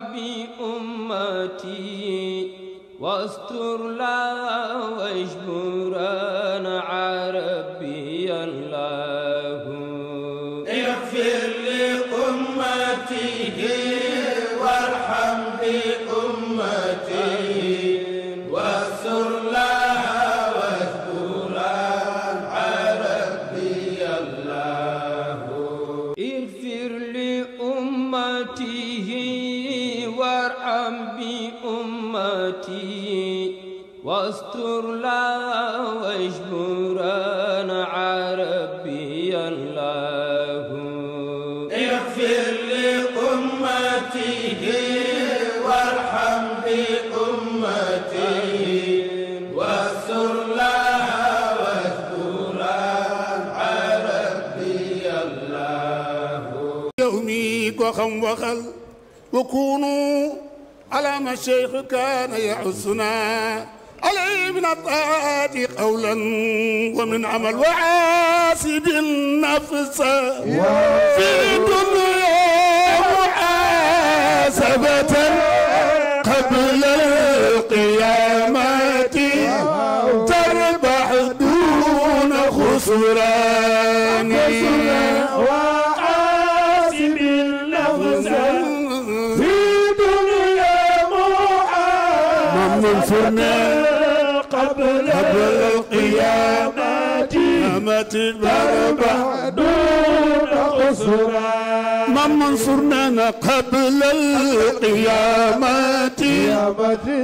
بأمتي واستر لها واجبرها صلوتي واستر لا واجبران عربيا له اغفر لأمته وارحم بأمته واستر لا واجبران عربيا له يومي وخم وخل وكونوا على ما الشيخ كان يحسنا عليه من الطاعات قولا ومن عمل وعاسب النفس في الدنيا محاسبة قبل القيامة تربح دون خسران تربح دون أسرى من منصرنا قبل القيامة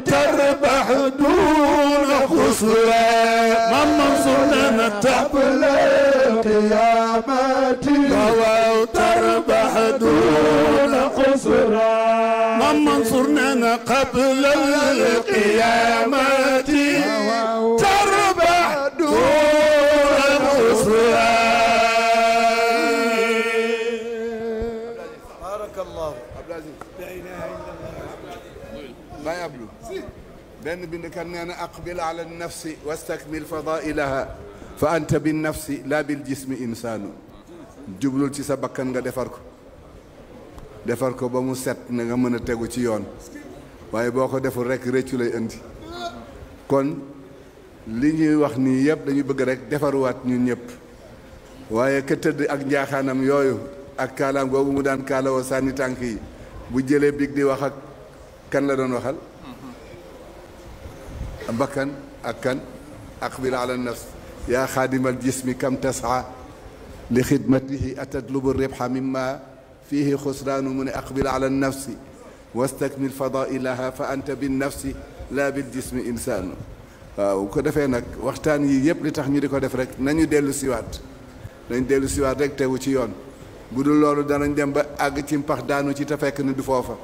تربح دون خسرى من منصرنا قبل القيامة تربح دون خسرى من منصرنا قبل القيامة benn bindkat nee na aqbil ala nafsi wastakmil fadailaha fa anta bin nafsi laa bil jismi insaanu jublul ci sa bakkan nga defar ko defar ko ba mu set na nga mën a tegu ci yoon waaye boo ko deful rek rëccu lay indi kon li ñuy wax nii yëpp dañu bëgg rek defaruwaat ñun ñëpp waaye ka tëdd ak njaaxaanam yooyu ak kaalaam googu mu daan kaalawoo sànni tànk yi bu jëlee biig di wax ak kan la doon waxal bakkan ak kan aqbil ala nafs yaa xaadimal jismi kam tasaa li xidmatihi atatlubu ribha mimma fihi xusraanu mu ne aqbil ala nafsi wastakmil fadailaha fa anta bin nafsi la bil jismi insaanu waaw ko defee nag waxtaan yi yëpp li tax ñu di ko def rek nañu dellu siwaat nañ dellu rek tegu ci yoon bu dul loolu danañ dem ba àgg ci mpax daanu ci te fekk ni du foofa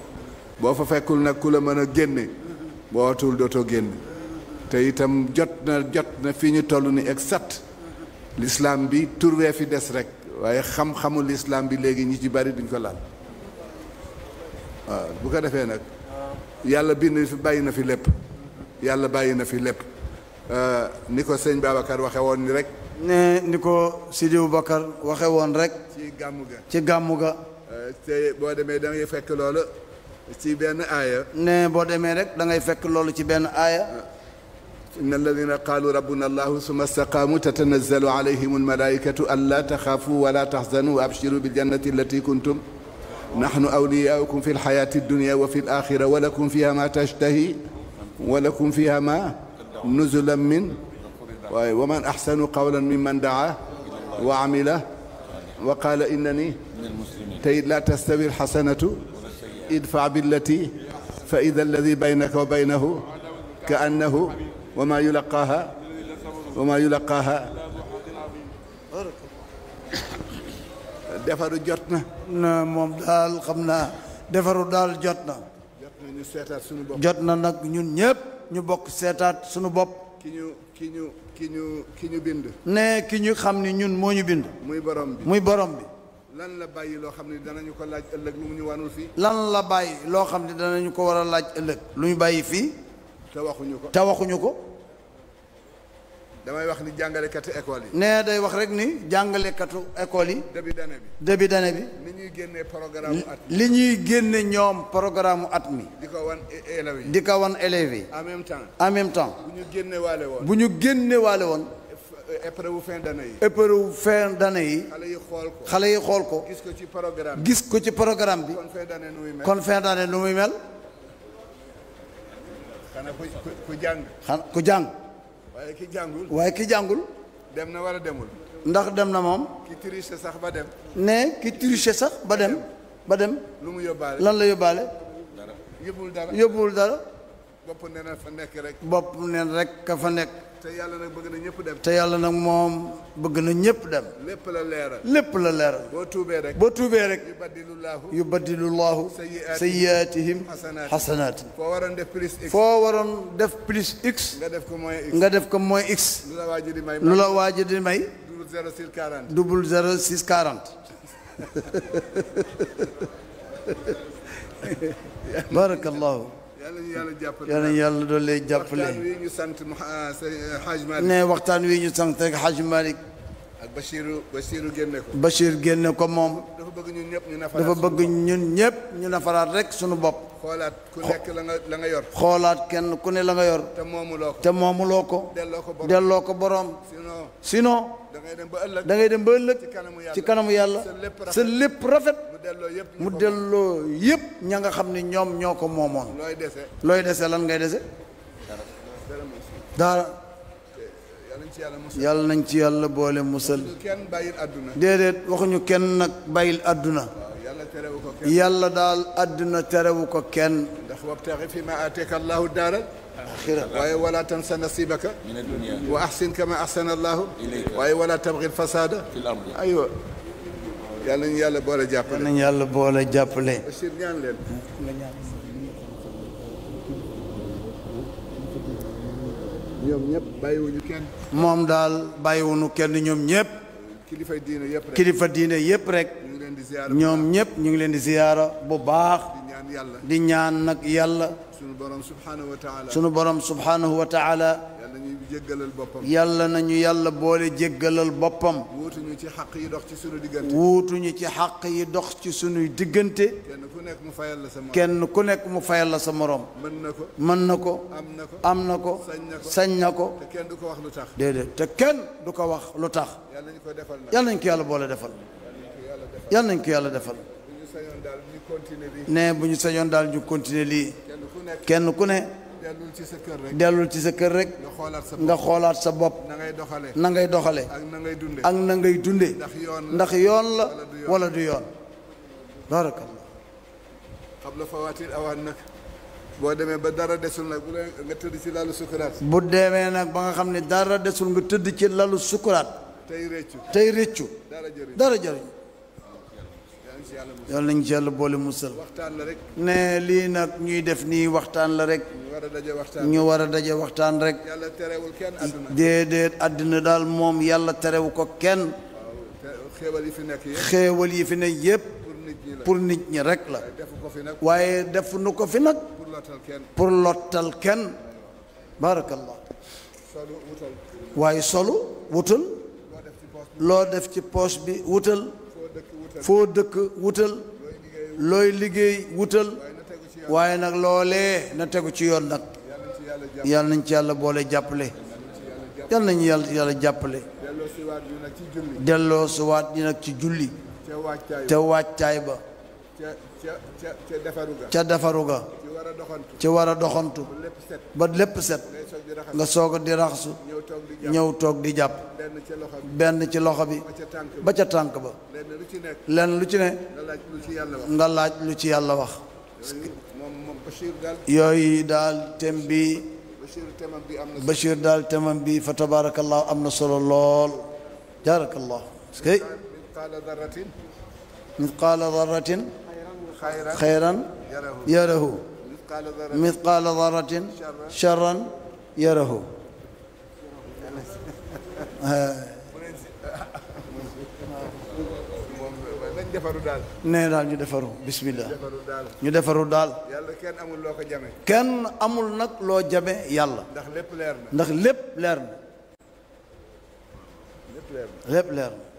boo fa fekkul nag ku la mën a génne boo watul dootoo génne te itam jot na jot na fii ñu toll ni sat lislaam bi turwee fi des rek waaye xam-xamu lislaam bi léegi ñi ci bari duñ ko laal bu ko defee nag yàlla bind fi bàyyi na fi lépp yàlla bàyyi na fi lépp ni ko sëñ Babacar waxe woon ni rek ne ni ko Sidi Boubacar waxe woon rek ci gàmmu ga ci gàmmu ga te boo demee da fekk loolu ci benn aaya ne boo demee rek dangay fekk loolu ci benn aaya إن الذين قالوا ربنا الله ثم استقاموا تتنزل عليهم الملائكة ألا تخافوا ولا تحزنوا وأبشروا بالجنة التي كنتم نحن أولياؤكم في الحياة الدنيا وفي الآخرة ولكم فيها ما تشتهي ولكم فيها ما نزلا من ومن أحسن قولا ممن دعا وعمل وقال إنني تيد لا تستوي الحسنة ادفع بالتي فإذا الذي بينك وبينه كأنه wa maa yulaqaaha wa maa yulaqaaha defaru jot na na moom daal xam naa defaru daal jot na jot na ñu seetaat suñu bopp jot na nag ñun ñëpp ñu bokk seetaat suñu bopp ki ñu ki ñu ki ñu ki ñu bind ne ki ñu xam ni ñun moo ñu bind muy borom bi muy borom bi lan la bàyyi loo xam ne danañu ko laaj ëllëg lu mu ñu wanul fii lan la bàyyi loo xam ne danañu ko war a laaj ëllëg lu ñu bàyyi fii te waxuñu ko te waxuñu ko. damay wax ni jàngalekatu école yi. nee day wax rek ni jàngalekatu école yi. début d'année bi début d'année bi. li ñuy génne programme li ñuy génne ñoom programme at mi. di ko wan élèves yi. di wan élèves yi. en même temps en même temps. bu ñu génne waale woon bu ñu génne waale woon. Euh, épreuve fin d'année yi. épreuve fin d'année yi. xale yi xool ko yi xool ko. gis ko ci programme bi gis ci programme bi. kon fin d'année nu muy kon fin d'année nu muy mel. xanaa ku jàng. xanaa ku jàng. waaye ki jàngul. waaye ki jàngul. dem na war a demul. ndax dem na moom. ki triché sax ba dem. ne ki triché sax ba dem. ba dem. lu mu yóbbaale lan la yóbbaale. yóbbuwul dara yóbbuwul dara. bopp neen fa nekk rek. bopp neen rek ka fa nekk. te yàlla nag bëgg na ñëpp dem. te yàlla nag moom bëgg na ñëpp dem. lépp la leeral. lépp la leeral. boo tuubee rek. boo tuubee rek. yu baddilu laahu. sayyiaatihim xasanaati. foo waroon def plus x. waroon def plus x. nga def ko mooy x. nga def ko mooy x. lu la waaj di may. lu la waaj di may. double quarante. double zero six quarante. barakallahu yal nañu yàlla doole jàppale waxtaan wi ñu sant ah, eh, Haj Malick ne waxtaan wi ñu sant rek Haj Malick ak Bachirou Bachirou génne ko. moom. dafa bëgg ñun ñëpp ñu nafaraat dafa bëgg ñun ñëpp ñu rek suñu bopp. xoolaat ku nekk la la nga yor. xoolaat kenn ku ne la nga yor. te moomuloo ko ko. delloo ko borom ko borom. sinon. da ngay dem ba ëllëg da ci kanamu yàlla ci lépp rafet. mu delloo yëpp ña nga xam ni ñoom ñoo ko moomoon looy dese lan ngay dese dara yàlla nañ ci yàlla boole musal déedéet waxuñu kenn nag bàyyil àdduna yàlla daal àdduna terewu ko kenn ndax wabtaxi fi ma aateka allahu daaral axira waaye wala tansa nasibaka wa axsin kama axsana allahu waaye wala tabgi alfasaada aywa yàlla nañu yàlla boole jàppale nañu yàlla boole jàppale. Bachir moom daal bàyyiwuñu kenn ñoom ñëpp. kilifa diine yëpp rek kilifa diine yëpp rek. ñoom ñëpp ñu ngi leen di ziyaara bu baax. yàlla di ñaan nag yàlla. sunu borom subhanahu wa taala sunu borom subhanahu wa taala yàlla boppam yàlla nañu yàlla boole jéggalal boppam wuutuñu ci xaq yi dox ci sunu diggante wuutuñu ci xaq yi dox ci sunuy diggante kenn ku nekk mu fayal la sa morom kenn ku nekk mu fayal la sa morom mën na ko mën na ko am na ko sañ na ko te kenn du ko wax lu tax déedéet te kenn du ko wax lu tax yàlla nañu ko defal yàlla yàlla boole defal yàlla defal bu ñu sañoon daal ñu continuer lii kenn ku ne dellul ci sa kër rek ci sa kër rek nga xoolaat sa bopp na ngay doxale na ngay doxale ak na ngay dunde ak na ngay dunde ndax yoon la wala du yoon barakallah qabla fawaatil awaan nag boo demee ba dara desul nag bu dee nga tëdd ci lalu sukuraat bu demee nag ba nga xam ne dara desul nga tëdd ci lalu sukuraat tey rëccu tey rëccu dara jëriñ dara jëriñ yal nañ ci yàlla boole musal ne lii nag ñuy def nii waxtaan la rek ñu war a daje waxtaan rek déedéet àddina daal moom yàlla terewu ko kenn xéewal yi fi ne yépp pour nit ñi rek la waaye def nu ko fi nag pour lottal kenn barakallah waaye solu wutal loo def ci poche bi wutal foo dëkk wutal looy liggéey wutal waaye nag loole na tegu ci yoon nag yàlla nañ ci yàlla boole jàppale yàlla nañu yàlla yàlla jàppale delloo suwaat yi nag ci julli te waajtaay ba ca defaru ci war a doxantu ba lépp set nga soog a di raxasu ñëw toog di jàpp benn ci loxo bi ba ca tànk ba lenn lu ci ne nga laaj lu ci yàlla wax yooyu daal tem bi Bachir daal temam bi fa tabarakallahu am na solo lool jaarakallahu skay min qaala darratin xayran yarahu مثقال ذرة شرا يره nee daal ñu defaru bismillah ñu defaru daal kenn amul loo ko jame kenn amul nag loo jame yàlla ndax lépp leer na ndax lépp leer na lépp leer na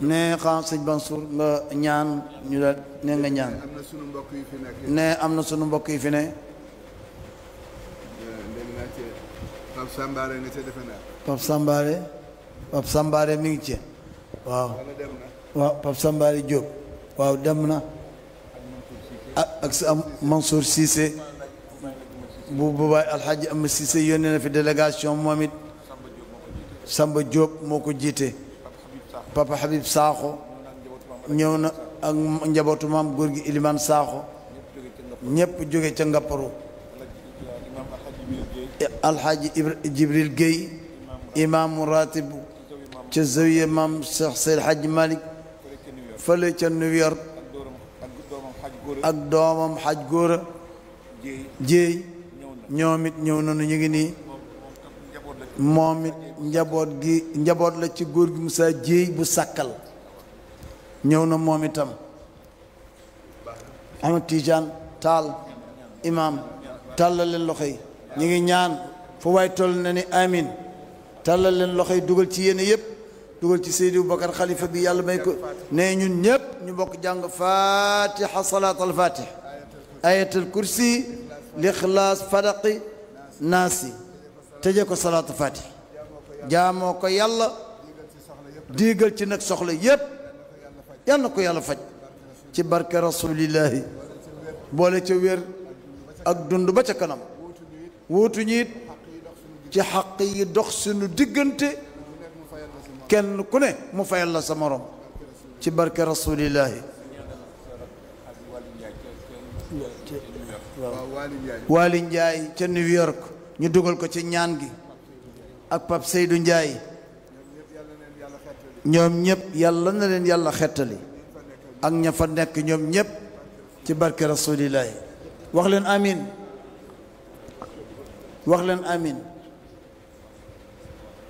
ne xam sëñ Mansour nga ñaan ñu daal ne nga ñaan ne am na sunu mbokk yi fi ne eh, Pape Sambaare nga ca mi ngi ci waaw waaw Pape Sambaare waaw dem na ah, ak sa Mansour Cissé bu bubaay alxaaji am Cissé yónnee na fi délégation moom it Samba Diop moo ko jiite papa Habib Sakho ñëw na ak njabootu maam góor gi Ilimane Sakho ñëpp jóge ca Ngapparu alxaaji Jibril Gueye imaamu ratib ca zawiya maam Seyd Hadji Malick fële ca New York ak doomam xaj góora jéey ñoom it ñëw nañu ñu moom it njaboot gi njaboot la ci góor gi Moussa Dieye bu sàkkal ñëw na moom itam Ahmed Tidiane Tall imam tàllal leen loxo yi ñu ngi ñaan fu waay na ni amin tàllal leen loxo yi dugal ci yenn yëpp dugal ci Seydi Boubacar xalifa bi yàlla may ko ne ñun ñëpp ñu bokk jàng fatiha salat al fatih ayatul kursi lixlaas fadaqi naasi tëje ko salaatu fati jaamoo ko yàlla diigal ci nag soxla yépp yal na ko yàlla faj ci barke rasulillahi boole ca wér ak dund ba ca kanam wuutuñu ci xaq yi dox suñu diggante kenn ku ne mu fayal la sa morom ci barke rasulillahi waali njaay ca New York ñu dugal ko ci ñaan gi ak Pape Seydou Ndiaye ñoom ñëpp yàlla na leen yàlla xettali ak ña fa nekk ñoom ñëpp ci barke rasulillahi wax leen amin wax leen amin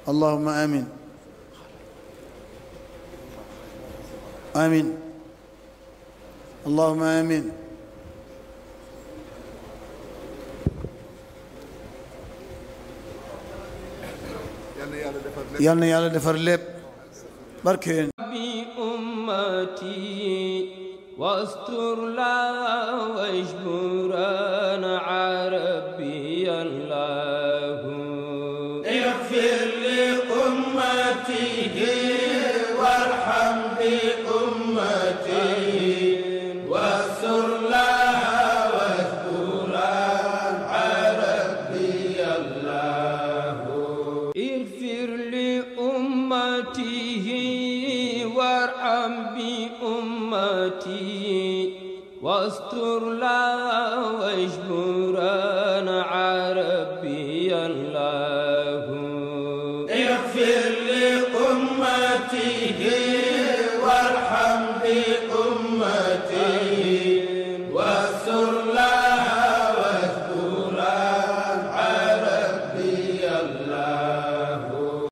allahuma amin amin allahuma amin yal na yàlla defar lépp barkeen bi ummati wastur la wajburan arabiyan lahu وأستر لا واجبرا